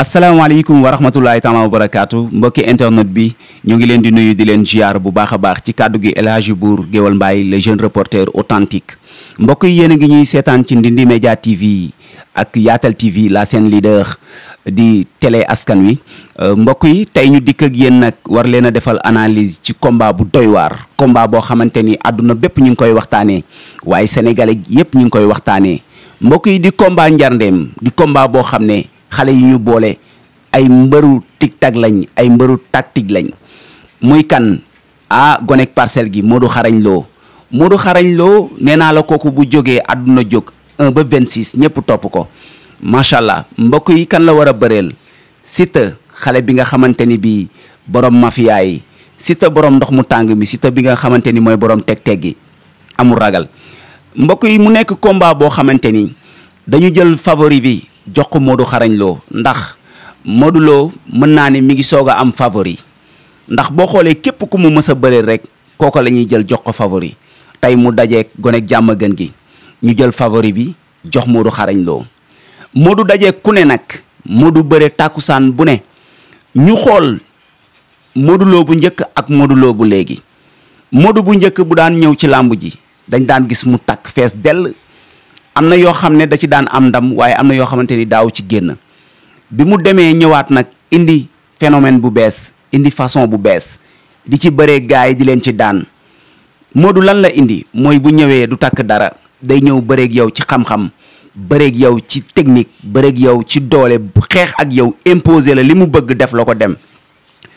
asalaamaaleykum wa rahmatulahi taala wa barakaatu mbokki internet bi ñoo ngi leen di nuyu di leen ziar bu baax a baax ci kàddu gi El Hadji Bour Géwal Mbaye le jeune reporter authentique mbokk yi yéen a ngi ñuy seetaan ci Ndindy Média TV ak Yaatal TV la seen leader di télé askan wi euh, mbokk yi tey ñu dikk ak yéen nag war leen a defal analyse ci combat bu doy waar boo xamante ni àdduna bépp ñu ngi koy waxtaanee waaye sénégalais yépp ñu ngi koy waxtaanee mbokk yi di combat di combat boo xam ne xale yi ñu boole ay mbëru tic-tac lañ ay mbëru tactique lañ muy kan ah gonek parcelle gi Modou Xarañ Loo Modou Xarañ Loo nee naa la kooku bu jógee àdduna jóg ba ba 26 ñëpp topp ko macha allah mbokk yi kan la war a bëreel Siteu xale bi nga xamante ni bii borom mafia yi Siteu borom ndox mu tàng mi Siteu bi nga xamante ni mooy borom teg-teg gi amul ragal mbokk yi mu nekk combat boo xamante ni dañu jël favori bi jox ko Modou xarañ loo ndax Modou Lo mën naa ni mi ngi soog a am favori ndax boo xoolee képp ku mu mës a bëre rek kooka la ñuy jël jox ko favori tey mu dajeeg gone jàmm gën gi ñu jël favori bi jox Modou xarañ loo Modou dajeeg ku ne nag Modou bëre tàkkusaan bu ne ñu xool Modou Lo bu njëkk ak Modou Lo bu léegi Modou bu njëkk bu daan ñëw ci làmb ji dañ daan gis mu takk fees dell am na yoo xam ne da ci daan am ndam waaye am na yoo xamante ni daaw ci génn bi mu demee ñëwaat nag indi phénomène bu bees indi façon bu bees di ci bëree gaay di leen ci daan Modou lan la indi mooy bu ñëwee du takk dara day ñëw bëreek yow ci xam-xam bëreeg yow ci technique bëreek yow ci doole xeex ak yow imposer la li mu bëgg def la ko dem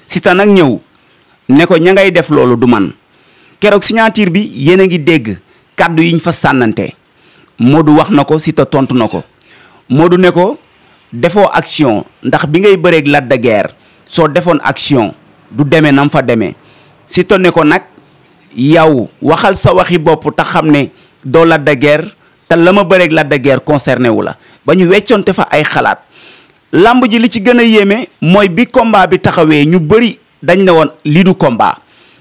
Siteu nag ñëw ne ko ña ngay def loolu du man keroog signature bi yéen a dégg kàddu yiñ fa sànnante Modou wax na ko Siteu tontu nako ko Modou ne ko defo action ndax bi ngay bëreeg la de guerre so defoon action du deme nam fa deme Siteu ne ko nak yaw waxal sa waxi bop ta xam ne la de guerre ta lama ma la de guerre concerné wu la ba fa ay xalaat lamb ji li ci gëna a moy bi combat bi taxawé ñu bëri dañ ne won li du combat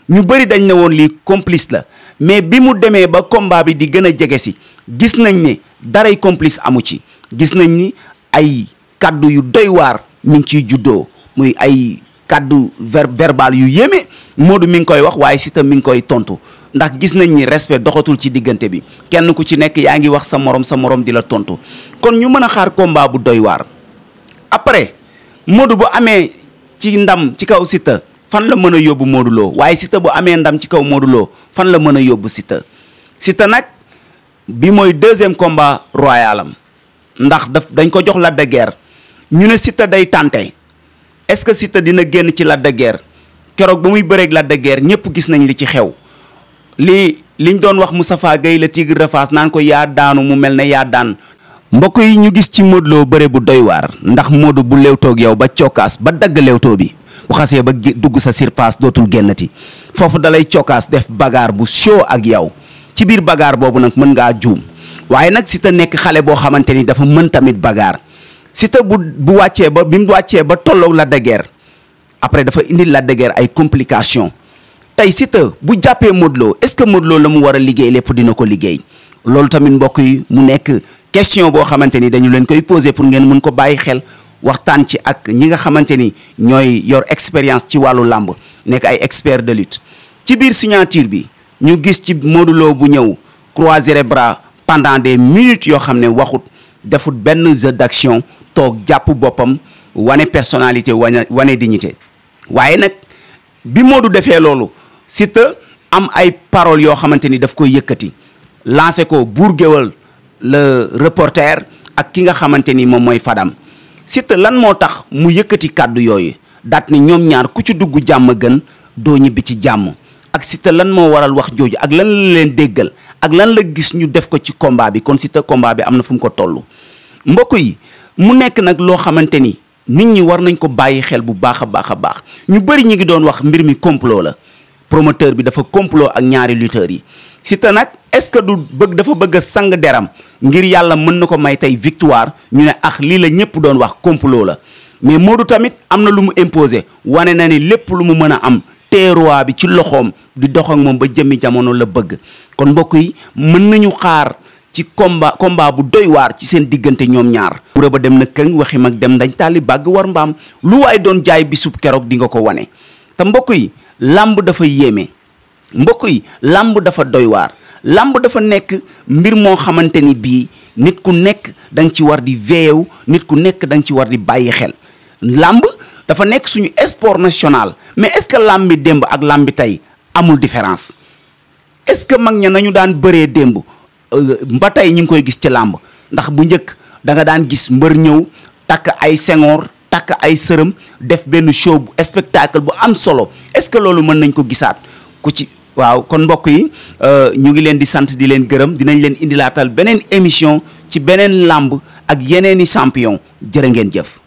ñu bëri dañ ne won li complice la mais bi mu demee ba combat bi di gën a jege si gis nañ ne daray complice amu ci gis nañ ni ay kaddu yu doy waar mi ngi ciy juddoo muy ay kaddu ver verbal yu yéeme Modou mi ngi koy wax waaye Siteu mi ngi koy tontu ndax gis nañ ni respect doxatul ci diggante bi kenn ku ci nekk yaa ngi wax sa morom sa morom di la tontu kon ñu mën a xaar kombaa bu doy waar après Modou bu amee ci ndam ci kaw Siteu fan la mën a yóbbu Modou waaye Siteu bu amee ndam ci kaw Modou fan la mën a yóbbu sita Siteu nag bi mooy deuxième combat royal am ndax daf dañ ko jox Lac de ñu ne sita day tànte est-ce que Siteu dina génn ci Lac de Guiers keroog ba muy bëreeg Lac de Guiers ñëpp gis nañ li ci xew li liñ doon wax Moustapha Gueye la Tigre de Fass naan ko yaa daanu mu mel ne yaa daan mbokk yi ñu gis ci Modou Lo bu doy waar ndax Modou bu lewtoog yow ba cokkaas ba dagg lewtoo bi bu xasee ba dugg sa surpasse dootul génnati foofu dalay cokkaas def bagaar bu show ak yow ci biir bagaar boobu nag mën ngaa juum waaye nag si ta nekk xale boo xamante ni dafa mën tamit bagaar si ta bu bu wàccee ba bi mu wàccee ba tolloog la degeer après dafa indi la degeer ay complication tey si bu jàppee Modou Lo est-ce que Modou la mu war a liggéey lépp dina ko liggéey loolu tamit mbokk yi mu nekk question boo xamante ni dañu leen koy poser pour ngeen mën ko bàyyi xel waxtaan ci ak ñi nga xamante ni ñooy yor expérience ci wàllu làmb nekk ay expert de lutte ci biir signature bi ñu gis ci Modou Lo bu ñëw croiser les bras pendant des minutes yoo xam ne waxut defut benn jeu d'action toog jàpp boppam wane personnalité wane wane dignité waaye nag bi Modou defee loolu Siteu am ay paroles yoo xamante ni daf koy yëkkati lancé ko buur géwal le reporter ak ki nga xamanteni mom moy fadam site lan motax mu yëkëti kaddu yoy dat ni ñom ñaar ku ci dugg jamm gën ci jamm ak site lan mo waral wax joju ak lan la leen déggal ak lan la gis ñu def ko ci combat bi kon site combat bi amna fu ko tollu mbokk yi mu nekk nak lo xamanteni nit ñi war nañ ko bayyi xel bu baaxa baaxa baax ñu bari ñi ngi doon wax mbir mi complot la promoteur bi dafa complot ak ñaari lutteur yi site nak est ce que du bëgg dafa bëgg sang deram ngir yàlla mën na ko may tey victoire ñu ne ax lii la ñëpp doon wax complot la mais Modou tamit am na lu mu imposé wane na ni lépp lu mu mën a am teeruwaa bi ci loxoom di dox ak moom ba jëmmi jamono la bëgg kon mbokk yi mën nañu xaar ci komba combat bu doy waar ci seen diggante ñoom ñaar. wure ba dem na këng waxi mag dem dañ taali bàgg war mbaam lu waay doon jaay bisub keroog di nga ko wane te mbokk yi làmb dafa yéeme mbokk yi làmb dafa doy waar. lamb dafa nek mbir mo xamanteni bi nit ku nek dang ci war di veew nit ku nek dang ci war di bàyyi xel lamb dafa nek suñu sport national mais est-ce que lambi demb ak lamb tay amul différence est-ce que mag ñana ñu daan bëree demb euh, ba tey koy gis ci lamb ndax bu njëkk da nga daan gis mbeur ñew tak ay senghor tak ay seureum def ben show spectacle bu am solo est-ce que lolu mën nañ ko gisat ku ci waaw kon mbokk yi euh, ñu ngi leen di sant di leen gërëm dinañ leen indilaatal beneen émission ci beneen làmb ak yeneeni champion jërë ngeen jëf